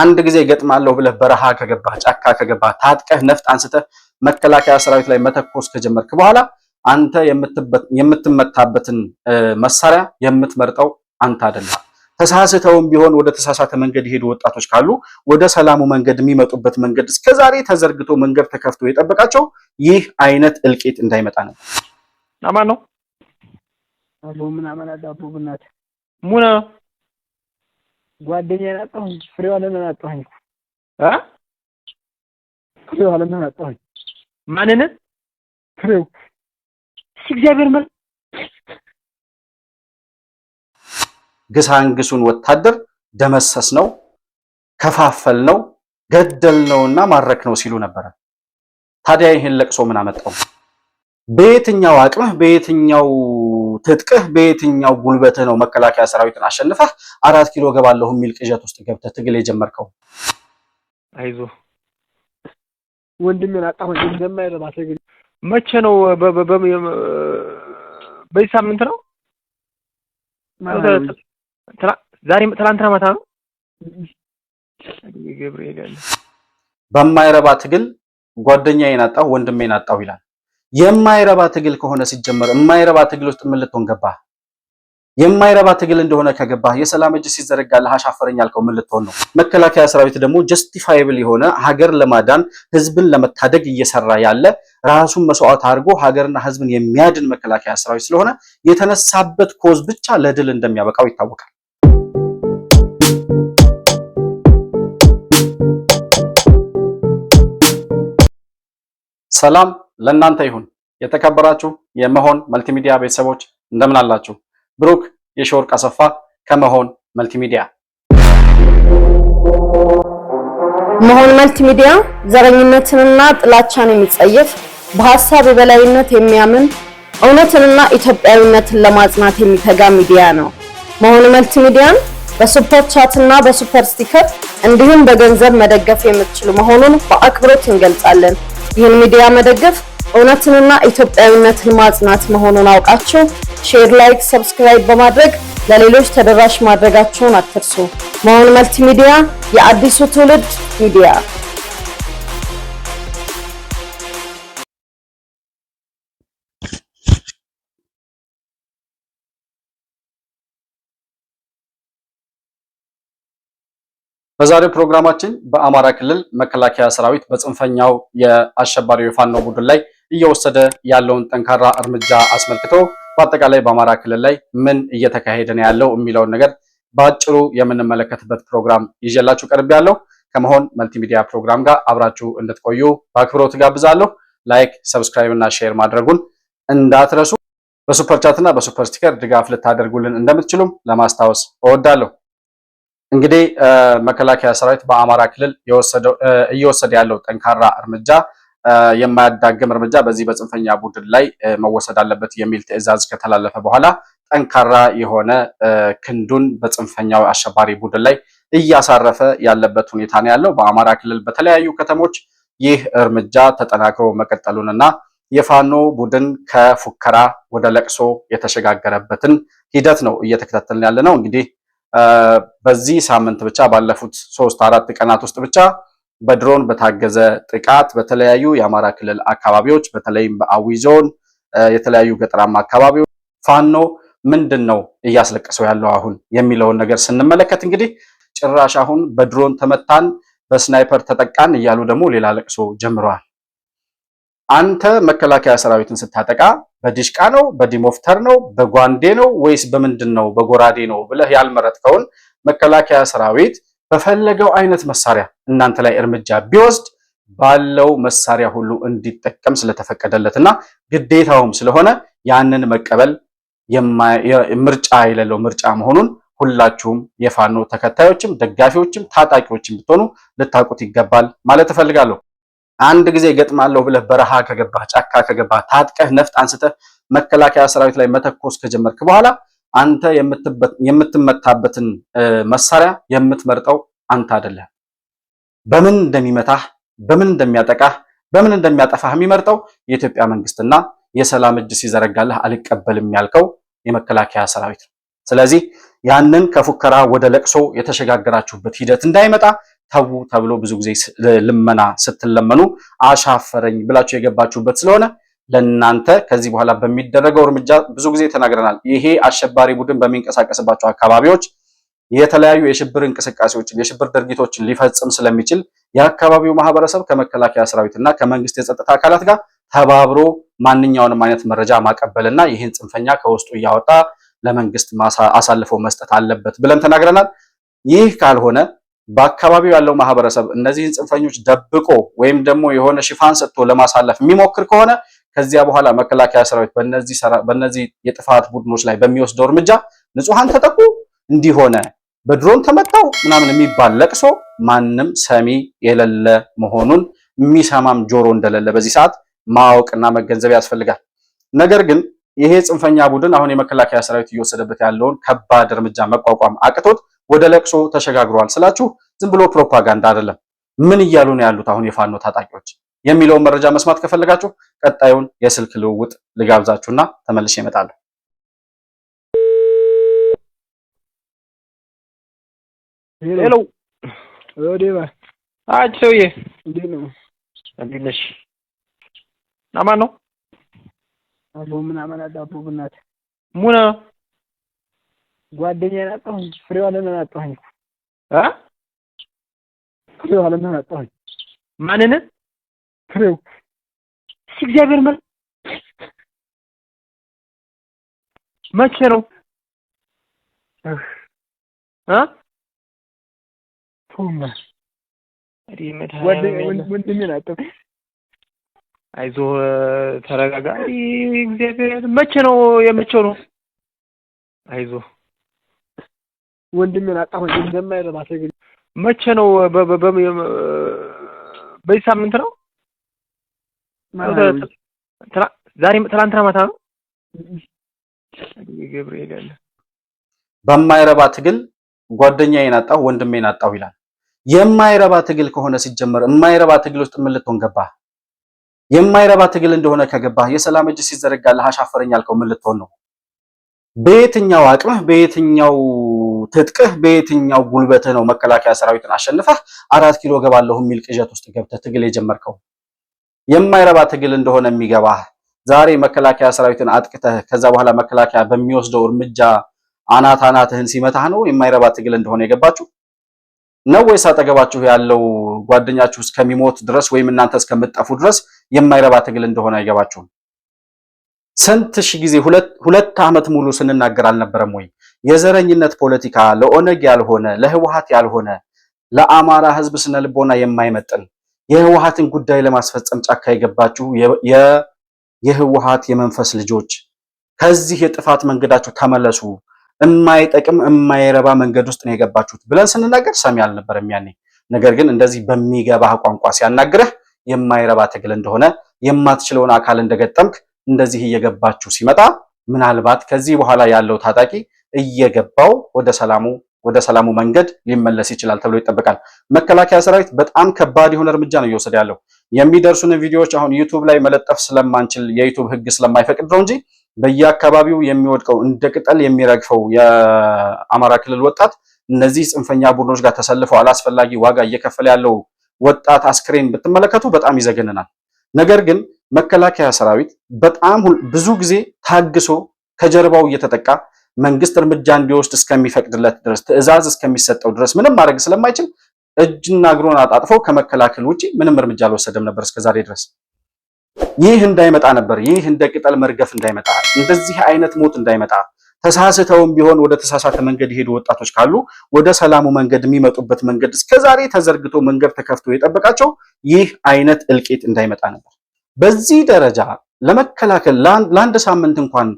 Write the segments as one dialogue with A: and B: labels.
A: አንድ ጊዜ ገጥማለሁ ብለህ በረሃ ከገባህ ጫካ ከገባህ ታጥቀህ ነፍጥ አንስተህ መከላከያ ሰራዊት ላይ መተኮስ ከጀመርክ በኋላ አንተ የምትመታበትን መሳሪያ የምትመርጠው አንተ አይደለም። ተሳስተውም ቢሆን ወደ ተሳሳተ መንገድ የሄዱ ወጣቶች ካሉ ወደ ሰላሙ መንገድ የሚመጡበት መንገድ እስከዛሬ ተዘርግቶ መንገድ ተከፍቶ የጠበቃቸው ይህ አይነት እልቂት እንዳይመጣ ነው።
B: አማን ነው
C: ጓደኛዬን አጣሁኝ። ፍሬዋለምን አጣሁኝ እ ፍሬዋለምን አጣሁኝ። ማንን ፍሬው
B: እግዚአብሔር ማለት
A: ግሳንግሱን ወታደር ደመሰስ ነው ከፋፈል ነው ገደል ነውና ማረክ ነው ሲሉ ነበረ። ታዲያ ይህን ለቅሶ ምን አመጣው? በየትኛው አቅምህ በየትኛው ትጥቅህ በየትኛው ጉልበትህ ነው መከላከያ ሰራዊትን አሸንፈህ አራት ኪሎ ገባለሁ የሚል ቅዠት ውስጥ ገብተህ ትግል የጀመርከው?
B: አይዞህ
C: ወንድሜን አጣሁኝ እንደማይረባ ትግል
B: መቼ ነው? በዚህ ሳምንት ነው። ዛሬ ትናንትና ማታ ነው።
A: በማይረባ ትግል ጓደኛዬን አጣሁ ወንድሜን አጣሁ ይላል። የማይረባ ትግል ከሆነ ሲጀመር የማይረባ ትግል ውስጥ ምን ልትሆን የማይረባ ትግል እንደሆነ ከገባ የሰላም እጅ ሲዘረጋልህ አሻፈረኝ ያልከው ምን ልትሆን ነው? መከላከያ ሰራዊት ደግሞ ጀስቲፋይብል የሆነ ሀገር ለማዳን ህዝብን ለመታደግ እየሰራ ያለ ራሱን መስዋዕት አድርጎ ሀገርና ህዝብን የሚያድን መከላከያ ሰራዊት ስለሆነ የተነሳበት ኮዝ ብቻ ለድል እንደሚያበቃው ይታወቃል። ሰላም ለእናንተ ይሁን። የተከበራችሁ የመሆን መልቲሚዲያ ቤተሰቦች እንደምን አላችሁ? ብሩክ የሺወርቅ አሰፋ ከመሆን መልቲሚዲያ።
D: መሆን መልቲሚዲያ ዘረኝነትንና ጥላቻን የሚጸየፍ በሀሳብ የበላይነት የሚያምን እውነትንና ኢትዮጵያዊነትን ለማጽናት የሚተጋ ሚዲያ ነው። መሆን መልቲሚዲያን በሱፐር ቻት እና በሱፐር ስቲከር እንዲሁም በገንዘብ መደገፍ የምትችሉ መሆኑን በአክብሮት እንገልጻለን። ይህን ሚዲያ መደገፍ እውነትንና ኢትዮጵያዊነትን ማጽናት መሆኑን አውቃችሁ ሼር፣ ላይክ፣ ሰብስክራይብ በማድረግ ለሌሎች ተደራሽ ማድረጋችሁን አትርሱ። መሆን መልቲሚዲያ የአዲሱ ትውልድ ሚዲያ
A: በዛሬው ፕሮግራማችን በአማራ ክልል መከላከያ ሰራዊት በጽንፈኛው የአሸባሪው የፋኖ ቡድን ላይ እየወሰደ ያለውን ጠንካራ እርምጃ አስመልክቶ በአጠቃላይ በአማራ ክልል ላይ ምን እየተካሄደ ነው ያለው የሚለውን ነገር በአጭሩ የምንመለከትበት ፕሮግራም ይዤላችሁ ያለው ከመሆን መልቲሚዲያ ፕሮግራም ጋር አብራችሁ እንድትቆዩ በአክብሮት ጋብዛለሁ። ላይክ፣ ሰብስክራይብ እና ሼር ማድረጉን እንዳትረሱ። በሱፐር ቻት እና በሱፐር ስቲከር ድጋፍ ልታደርጉልን እንደምትችሉም ለማስታወስ እወዳለሁ። እንግዲህ መከላከያ ሰራዊት በአማራ ክልል እየወሰደ ያለው ጠንካራ እርምጃ የማያዳግም እርምጃ በዚህ በጽንፈኛ ቡድን ላይ መወሰድ አለበት የሚል ትዕዛዝ ከተላለፈ በኋላ ጠንካራ የሆነ ክንዱን በጽንፈኛው አሸባሪ ቡድን ላይ እያሳረፈ ያለበት ሁኔታ ነው ያለው። በአማራ ክልል በተለያዩ ከተሞች ይህ እርምጃ ተጠናክሮ መቀጠሉንና የፋኖ ቡድን ከፉከራ ወደ ለቅሶ የተሸጋገረበትን ሂደት ነው እየተከታተልን ያለ ነው እንግዲህ በዚህ ሳምንት ብቻ ባለፉት ሶስት አራት ቀናት ውስጥ ብቻ በድሮን በታገዘ ጥቃት በተለያዩ የአማራ ክልል አካባቢዎች በተለይም በአዊ ዞን የተለያዩ ገጠራማ አካባቢዎች ፋኖ ምንድን ነው እያስለቀሰው ያለው አሁን የሚለውን ነገር ስንመለከት እንግዲህ ጭራሽ አሁን በድሮን ተመታን፣ በስናይፐር ተጠቃን እያሉ ደግሞ ሌላ ለቅሶ ጀምረዋል። አንተ መከላከያ ሰራዊትን ስታጠቃ በዲሽቃ ነው፣ በዲሞፍተር ነው፣ በጓንዴ ነው ወይስ በምንድን ነው በጎራዴ ነው ብለህ ያልመረጥከውን መከላከያ ሰራዊት በፈለገው አይነት መሳሪያ እናንተ ላይ እርምጃ ቢወስድ ባለው መሳሪያ ሁሉ እንዲጠቀም ስለተፈቀደለትና ግዴታውም ስለሆነ ያንን መቀበል ምርጫ የሌለው ምርጫ መሆኑን ሁላችሁም የፋኖ ተከታዮችም ደጋፊዎችም ታጣቂዎችም ብትሆኑ ልታውቁት ይገባል ማለት እፈልጋለሁ። አንድ ጊዜ ገጥማለሁ ብለህ በረሃ ከገባህ ጫካ ከገባህ ታጥቀህ ነፍጥ አንስተህ መከላከያ ሰራዊት ላይ መተኮስ ከጀመርክ በኋላ አንተ የምትመታበትን መሳሪያ የምትመርጠው አንተ አይደለህ። በምን እንደሚመታህ በምን እንደሚያጠቃህ በምን እንደሚያጠፋህ የሚመርጠው የኢትዮጵያ መንግስትና የሰላም እጅ ሲዘረጋልህ አልቀበልም ያልከው የመከላከያ ሰራዊት ነው። ስለዚህ ያንን ከፉከራ ወደ ለቅሶ የተሸጋገራችሁበት ሂደት እንዳይመጣ ተዉ ተብሎ ብዙ ጊዜ ልመና ስትለመኑ አሻፈረኝ ብላችሁ የገባችሁበት ስለሆነ ለእናንተ ከዚህ በኋላ በሚደረገው እርምጃ ብዙ ጊዜ ተናግረናል። ይሄ አሸባሪ ቡድን በሚንቀሳቀስባቸው አካባቢዎች የተለያዩ የሽብር እንቅስቃሴዎችን የሽብር ድርጊቶችን ሊፈጽም ስለሚችል የአካባቢው ማህበረሰብ ከመከላከያ ሰራዊት እና ከመንግስት የጸጥታ አካላት ጋር ተባብሮ ማንኛውንም አይነት መረጃ ማቀበልና ይህን ጽንፈኛ ከውስጡ እያወጣ ለመንግስት አሳልፎ መስጠት አለበት ብለን ተናግረናል። ይህ ካልሆነ በአካባቢው ያለው ማህበረሰብ እነዚህን ጽንፈኞች ደብቆ ወይም ደግሞ የሆነ ሽፋን ሰጥቶ ለማሳለፍ የሚሞክር ከሆነ ከዚያ በኋላ መከላከያ ሰራዊት በእነዚህ የጥፋት ቡድኖች ላይ በሚወስደው እርምጃ ንጹሐን ተጠቁ እንዲሆነ በድሮን ተመታው ምናምን የሚባል ለቅሶ ማንም ሰሚ የሌለ መሆኑን የሚሰማም ጆሮ እንደሌለ በዚህ ሰዓት ማወቅና መገንዘብ ያስፈልጋል። ነገር ግን ይሄ ጽንፈኛ ቡድን አሁን የመከላከያ ሰራዊት እየወሰደበት ያለውን ከባድ እርምጃ መቋቋም አቅቶት ወደ ለቅሶ ተሸጋግሯል ስላችሁ ዝም ብሎ ፕሮፓጋንዳ አይደለም። ምን እያሉ ነው ያሉት አሁን የፋኖ ታጣቂዎች የሚለውን መረጃ መስማት ከፈለጋችሁ ቀጣዩን የስልክ ልውውጥ ልጋብዛችሁና ተመልሼ እመጣለሁ።
B: ሄሎ ዴባ አጭ ሰውዬ እንዴት ነው? እንዴት ነሽ? ናማ ነው
C: አቦ ምናምን አዳቦ ብናት ሙና ጓደኛዬን አጣሁኝ። ፍሬዋለምን አጣሁኝ እ ፍሬዋለምን አጣሁኝ። ማንን ፍሬው
B: እግዚአብሔር መ መቼ ነው እ
C: ቶማ ወንድሜን አጣሁኝ።
B: አይዞህ ተረጋጋ። እግዚአብሔር መቼ ነው የምቸው ነው? አይዞህ
C: ወንድሜን አጣሁኝ እንደማይረባ ሰገ
B: መቼ ነው? በዚህ ሳምንት ነው?
C: ዛሬ ትላንትና ማታ ነው።
A: ገብርኤል ያለ በማይረባ ትግል ጓደኛዬን አጣሁ ወንድሜን አጣሁ ይላል። የማይረባ ትግል ከሆነ ሲጀመር የማይረባ ትግል ውስጥ ምን ልትሆን ገባ? የማይረባ ትግል እንደሆነ ከገባ የሰላም እጅ ሲዘረጋ አሻፈረኝ ያልከው ምን ልትሆን ነው? በየትኛው አቅምህ በየትኛው ትጥቅህ በየትኛው ጉልበትህ ነው መከላከያ ሰራዊትን አሸንፈህ አራት ኪሎ ገባለሁ የሚል ቅዠት ውስጥ ገብተህ ትግል የጀመርከው? የማይረባ ትግል እንደሆነ የሚገባህ ዛሬ መከላከያ ሰራዊትን አጥቅተህ ከዛ በኋላ መከላከያ በሚወስደው እርምጃ አናት አናትህን ሲመታህ ነው የማይረባ ትግል እንደሆነ የገባችሁ ነው ወይስ አጠገባችሁ ያለው ጓደኛችሁ እስከሚሞት ድረስ ወይም እናንተ እስከምትጠፉ ድረስ የማይረባ ትግል እንደሆነ አይገባችሁም? ስንት ሺ ጊዜ ሁለት ዓመት ሙሉ ስንናገር አልነበረም ወይ? የዘረኝነት ፖለቲካ ለኦነግ ያልሆነ ለህወሀት ያልሆነ ለአማራ ህዝብ ስነ ልቦና የማይመጥን የህወሀትን ጉዳይ ለማስፈጸም ጫካ የገባችሁ የህወሀት የመንፈስ ልጆች ከዚህ የጥፋት መንገዳችሁ ተመለሱ፣ እማይጠቅም እማይረባ መንገድ ውስጥ ነው የገባችሁት ብለን ስንናገር ሰሚ አልነበረም ያኔ። ነገር ግን እንደዚህ በሚገባህ ቋንቋ ሲያናግረህ የማይረባ ትግል እንደሆነ የማትችለውን አካል እንደገጠምክ እንደዚህ እየገባችሁ ሲመጣ ምናልባት ከዚህ በኋላ ያለው ታጣቂ እየገባው ወደ ሰላሙ ወደ ሰላሙ መንገድ ሊመለስ ይችላል ተብሎ ይጠበቃል። መከላከያ ሰራዊት በጣም ከባድ የሆነ እርምጃ ነው እየወሰደ ያለው። የሚደርሱን ቪዲዮዎች አሁን ዩቱብ ላይ መለጠፍ ስለማንችል የዩቱብ ሕግ ስለማይፈቅድ ነው እንጂ በየአካባቢው የሚወድቀው እንደ ቅጠል የሚረግፈው የአማራ ክልል ወጣት እነዚህ ጽንፈኛ ቡድኖች ጋር ተሰልፈው አላስፈላጊ ዋጋ እየከፈለ ያለው ወጣት አስክሬን ብትመለከቱ በጣም ይዘገንናል። ነገር ግን መከላከያ ሰራዊት በጣም ብዙ ጊዜ ታግሶ ከጀርባው እየተጠቃ መንግስት እርምጃ እንዲወስድ እስከሚፈቅድለት ድረስ ትዕዛዝ እስከሚሰጠው ድረስ ምንም ማድረግ ስለማይችል እጅና እግሮን አጣጥፎ ከመከላከል ውጪ ምንም እርምጃ አልወሰደም ነበር እስከዛሬ ድረስ። ይህ እንዳይመጣ ነበር፣ ይህ እንደ ቅጠል መርገፍ እንዳይመጣ፣ እንደዚህ አይነት ሞት እንዳይመጣ፣ ተሳስተውም ቢሆን ወደ ተሳሳተ መንገድ የሄዱ ወጣቶች ካሉ ወደ ሰላሙ መንገድ የሚመጡበት መንገድ እስከዛሬ ተዘርግቶ መንገድ ተከፍቶ የጠበቃቸው ይህ አይነት እልቂት እንዳይመጣ ነበር። በዚህ ደረጃ ለመከላከል ለአንድ ሳምንት እንኳን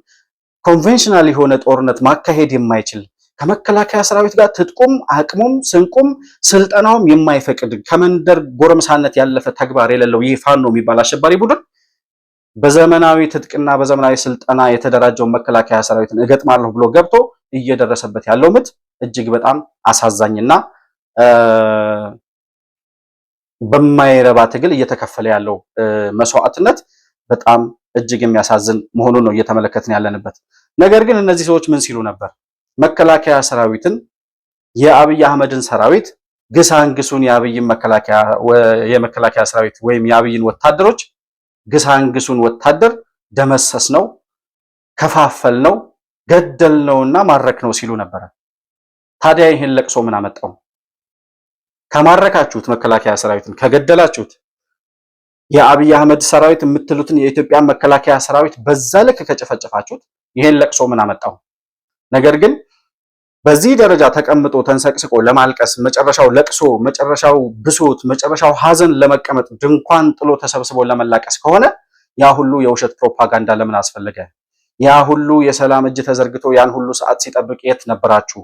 A: ኮንቬንሽናል የሆነ ጦርነት ማካሄድ የማይችል ከመከላከያ ሰራዊት ጋር ትጥቁም አቅሙም ስንቁም ስልጠናውም የማይፈቅድ ከመንደር ጎረምሳነት ያለፈ ተግባር የሌለው ይህ ፋኖ የሚባል አሸባሪ ቡድን በዘመናዊ ትጥቅና በዘመናዊ ስልጠና የተደራጀውን መከላከያ ሰራዊትን እገጥማለሁ ብሎ ገብቶ እየደረሰበት ያለው ምት እጅግ በጣም አሳዛኝና በማይረባ ትግል እየተከፈለ ያለው መስዋዕትነት በጣም እጅግ የሚያሳዝን መሆኑን ነው እየተመለከትን ያለንበት። ነገር ግን እነዚህ ሰዎች ምን ሲሉ ነበር? መከላከያ ሰራዊትን የአብይ አህመድን ሰራዊት ግሳንግሱን የአብይን መከላከያ የመከላከያ ሰራዊት ወይም የአብይን ወታደሮች ግሳንግሱን ወታደር ደመሰስ ነው፣ ከፋፈል ነው፣ ገደል ነውና ማረክ ነው ሲሉ ነበረ። ታዲያ ይህን ለቅሶ ምን አመጣው? ከማረካችሁት፣ መከላከያ ሰራዊትን ከገደላችሁት፣ የአብይ አህመድ ሰራዊት የምትሉትን የኢትዮጵያን መከላከያ ሰራዊት በዛ ልክ ከጨፈጨፋችሁት ይሄን ለቅሶ ምን አመጣው? ነገር ግን በዚህ ደረጃ ተቀምጦ ተንሰቅስቆ ለማልቀስ መጨረሻው ለቅሶ፣ መጨረሻው ብሶት፣ መጨረሻው ሀዘን ለመቀመጥ ድንኳን ጥሎ ተሰብስቦ ለመላቀስ ከሆነ ያ ሁሉ የውሸት ፕሮፓጋንዳ ለምን አስፈለገ? ያ ሁሉ የሰላም እጅ ተዘርግቶ ያን ሁሉ ሰዓት ሲጠብቅ የት ነበራችሁ?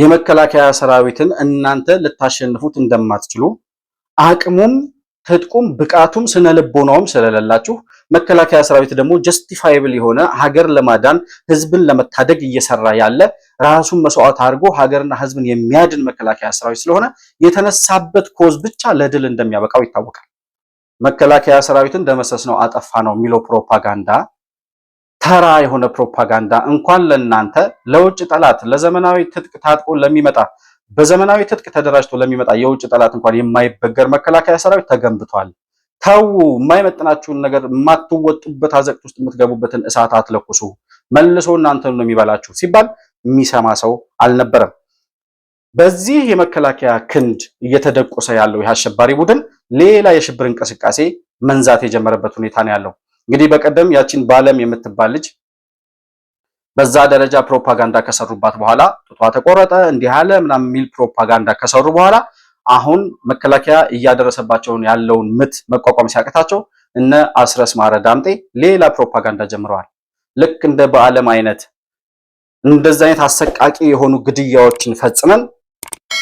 A: የመከላከያ ሰራዊትን እናንተ ልታሸንፉት እንደማትችሉ አቅሙም ትጥቁም ብቃቱም ስነ ልቦናውም ስለሌላችሁ መከላከያ ሰራዊት ደግሞ ጀስቲፋይብል የሆነ ሀገር ለማዳን ህዝብን ለመታደግ እየሰራ ያለ ራሱን መስዋዕት አድርጎ ሀገርና ህዝብን የሚያድን መከላከያ ሰራዊት ስለሆነ የተነሳበት ኮዝ ብቻ ለድል እንደሚያበቃው ይታወቃል። መከላከያ ሰራዊትን ደመሰስ ነው አጠፋ ነው የሚለው ፕሮፓጋንዳ ተራ የሆነ ፕሮፓጋንዳ እንኳን ለእናንተ ለውጭ ጠላት ለዘመናዊ ትጥቅ ታጥቆ ለሚመጣ በዘመናዊ ትጥቅ ተደራጅቶ ለሚመጣ የውጭ ጠላት እንኳን የማይበገር መከላከያ ሰራዊት ተገንብቷል። ተዉ። የማይመጥናችሁን ነገር የማትወጡበት አዘቅት ውስጥ የምትገቡበትን እሳት አትለኩሱ፣ መልሶ እናንተ ነው የሚበላችሁ ሲባል የሚሰማ ሰው አልነበረም። በዚህ የመከላከያ ክንድ እየተደቆሰ ያለው የአሸባሪ ቡድን ሌላ የሽብር እንቅስቃሴ መንዛት የጀመረበት ሁኔታ ነው ያለው። እንግዲህ በቀደም ያቺን ባለም የምትባል ልጅ በዛ ደረጃ ፕሮፓጋንዳ ከሰሩባት በኋላ ጡቷ ተቆረጠ እንዲህ አለ ምናምን የሚል ፕሮፓጋንዳ ከሰሩ በኋላ አሁን መከላከያ እያደረሰባቸውን ያለውን ምት መቋቋም ሲያቅታቸው እነ አስረስ ማረ ዳምጤ ሌላ ፕሮፓጋንዳ ጀምረዋል። ልክ እንደ በዓለም አይነት እንደዚህ አይነት አሰቃቂ የሆኑ ግድያዎችን ፈጽመን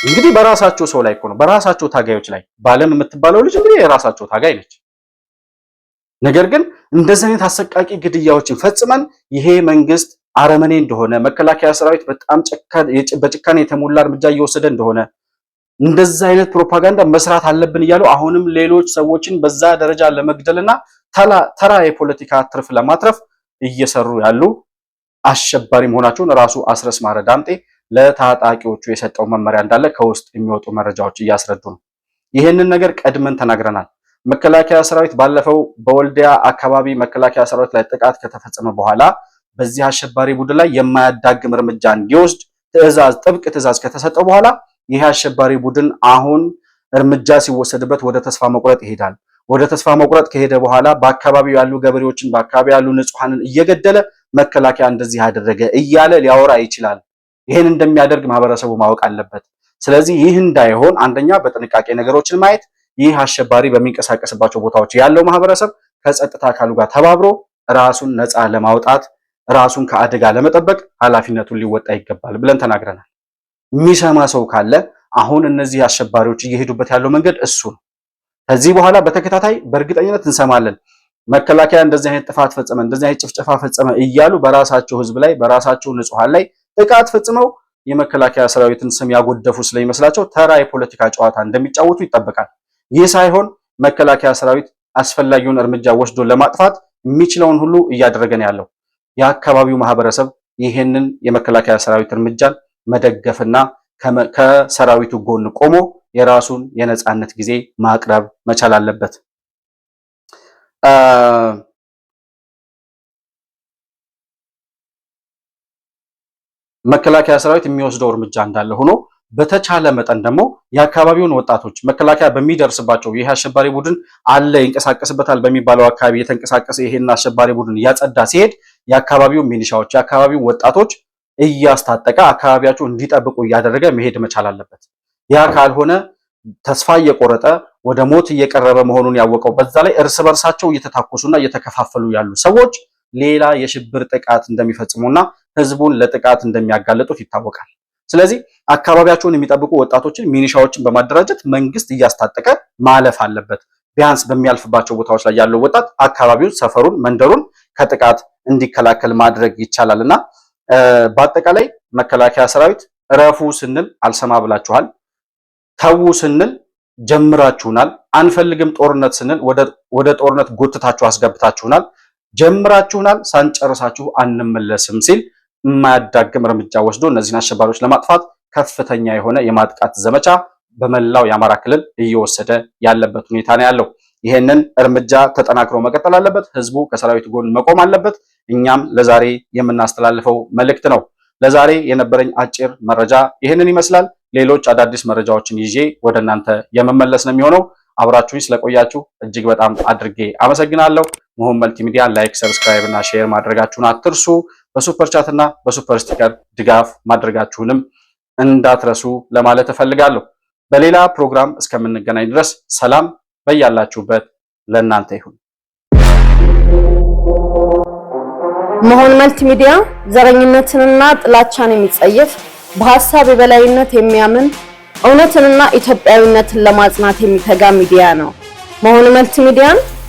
A: እንግዲህ በራሳቸው ሰው ላይ እኮ ነው፣ በራሳቸው ታጋዮች ላይ በዓለም የምትባለው ልጅ እንግዲህ የራሳቸው ታጋይ ነች። ነገር ግን እንደዚህ አይነት አሰቃቂ ግድያዎችን ፈጽመን ይሄ መንግስት አረመኔ እንደሆነ፣ መከላከያ ሰራዊት በጣም በጭካኔ የተሞላ እርምጃ እየወሰደ እንደሆነ እንደዚህ አይነት ፕሮፓጋንዳ መስራት አለብን እያሉ አሁንም ሌሎች ሰዎችን በዛ ደረጃ ለመግደልና ተራ የፖለቲካ ትርፍ ለማትረፍ እየሰሩ ያሉ አሸባሪ መሆናቸውን ራሱ አስረስ ማረ ዳምጤ ለታጣቂዎቹ የሰጠው መመሪያ እንዳለ ከውስጥ የሚወጡ መረጃዎች እያስረዱ ነው። ይህንን ነገር ቀድመን ተናግረናል። መከላከያ ሰራዊት ባለፈው በወልዲያ አካባቢ መከላከያ ሰራዊት ላይ ጥቃት ከተፈጸመ በኋላ በዚህ አሸባሪ ቡድን ላይ የማያዳግም እርምጃ እንዲወስድ ትዕዛዝ፣ ጥብቅ ትዕዛዝ ከተሰጠው በኋላ ይህ አሸባሪ ቡድን አሁን እርምጃ ሲወሰድበት ወደ ተስፋ መቁረጥ ይሄዳል። ወደ ተስፋ መቁረጥ ከሄደ በኋላ በአካባቢው ያሉ ገበሬዎችን፣ በአካባቢው ያሉ ንጹሐንን እየገደለ መከላከያ እንደዚህ ያደረገ እያለ ሊያወራ ይችላል። ይህን እንደሚያደርግ ማህበረሰቡ ማወቅ አለበት። ስለዚህ ይህ እንዳይሆን አንደኛ በጥንቃቄ ነገሮችን ማየት ይህ አሸባሪ በሚንቀሳቀስባቸው ቦታዎች ያለው ማህበረሰብ ከጸጥታ አካሉ ጋር ተባብሮ ራሱን ነፃ ለማውጣት ራሱን ከአደጋ ለመጠበቅ ኃላፊነቱን ሊወጣ ይገባል ብለን ተናግረናል። የሚሰማ ሰው ካለ አሁን እነዚህ አሸባሪዎች እየሄዱበት ያለው መንገድ እሱ ነው። ከዚህ በኋላ በተከታታይ በእርግጠኝነት እንሰማለን። መከላከያ እንደዚህ አይነት ጥፋት ፈጸመ፣ እንደዚህ አይነት ጭፍጨፋ ፈጸመ እያሉ በራሳቸው ህዝብ ላይ በራሳቸው ንጹሃን ላይ ጥቃት ፈጽመው የመከላከያ ሰራዊትን ስም ያጎደፉ ስለሚመስላቸው ተራ የፖለቲካ ጨዋታ እንደሚጫወቱ ይጠበቃል። ይህ ሳይሆን መከላከያ ሰራዊት አስፈላጊውን እርምጃ ወስዶ ለማጥፋት የሚችለውን ሁሉ እያደረገ ነው ያለው። የአካባቢው ማህበረሰብ ይህንን የመከላከያ ሰራዊት እርምጃን መደገፍና ከሰራዊቱ ጎን ቆሞ የራሱን የነጻነት ጊዜ ማቅረብ መቻል አለበት። መከላከያ ሰራዊት የሚወስደው እርምጃ እንዳለ ሆኖ በተቻለ መጠን ደግሞ የአካባቢውን ወጣቶች መከላከያ በሚደርስባቸው ይህ አሸባሪ ቡድን አለ ይንቀሳቀስበታል በሚባለው አካባቢ የተንቀሳቀሰ ይሄን አሸባሪ ቡድን እያጸዳ ሲሄድ የአካባቢው ሚኒሻዎች የአካባቢው ወጣቶች እያስታጠቀ አካባቢያቸው እንዲጠብቁ እያደረገ መሄድ መቻል አለበት። ያ ካልሆነ ተስፋ እየቆረጠ ወደ ሞት እየቀረበ መሆኑን ያወቀው በዛ ላይ እርስ በርሳቸው እየተታኮሱና እየተከፋፈሉ ያሉ ሰዎች ሌላ የሽብር ጥቃት እንደሚፈጽሙና ህዝቡን ለጥቃት እንደሚያጋለጡት ይታወቃል። ስለዚህ አካባቢያቸውን የሚጠብቁ ወጣቶችን ሚኒሻዎችን በማደራጀት መንግስት እያስታጠቀ ማለፍ አለበት። ቢያንስ በሚያልፍባቸው ቦታዎች ላይ ያለው ወጣት አካባቢውን፣ ሰፈሩን፣ መንደሩን ከጥቃት እንዲከላከል ማድረግ ይቻላል እና በአጠቃላይ መከላከያ ሰራዊት እረፉ ስንል አልሰማ ብላችኋል። ተዉ ስንል ጀምራችሁናል። አንፈልግም ጦርነት ስንል ወደ ጦርነት ጎትታችሁ አስገብታችሁናል። ጀምራችሁናል፣ ሳንጨርሳችሁ አንመለስም ሲል የማያዳግም እርምጃ ወስዶ እነዚህን አሸባሪዎች ለማጥፋት ከፍተኛ የሆነ የማጥቃት ዘመቻ በመላው የአማራ ክልል እየወሰደ ያለበት ሁኔታ ነው ያለው። ይሄንን እርምጃ ተጠናክሮ መቀጠል አለበት። ህዝቡ ከሰራዊቱ ጎን መቆም አለበት። እኛም ለዛሬ የምናስተላልፈው መልእክት ነው። ለዛሬ የነበረኝ አጭር መረጃ ይሄንን ይመስላል። ሌሎች አዳዲስ መረጃዎችን ይዤ ወደ እናንተ የመመለስ ነው የሚሆነው። አብራችሁኝ ስለቆያችሁ እጅግ በጣም አድርጌ አመሰግናለሁ። መሆን መልቲሚዲያን ላይክ፣ ሰብስክራይብ እና ሼር ማድረጋችሁን አትርሱ። በሱፐር ቻት እና በሱፐር ስቲከር ድጋፍ ማድረጋችሁንም እንዳትረሱ ለማለት እፈልጋለሁ። በሌላ ፕሮግራም እስከምንገናኝ ድረስ ሰላም በያላችሁበት ለእናንተ ይሁን።
D: መሆን መልቲሚዲያ ሚዲያ ዘረኝነትንና ጥላቻን የሚጸየፍ በሀሳብ የበላይነት የሚያምን እውነትንና ኢትዮጵያዊነትን ለማጽናት የሚተጋ ሚዲያ ነው። መሆን መልቲሚዲያን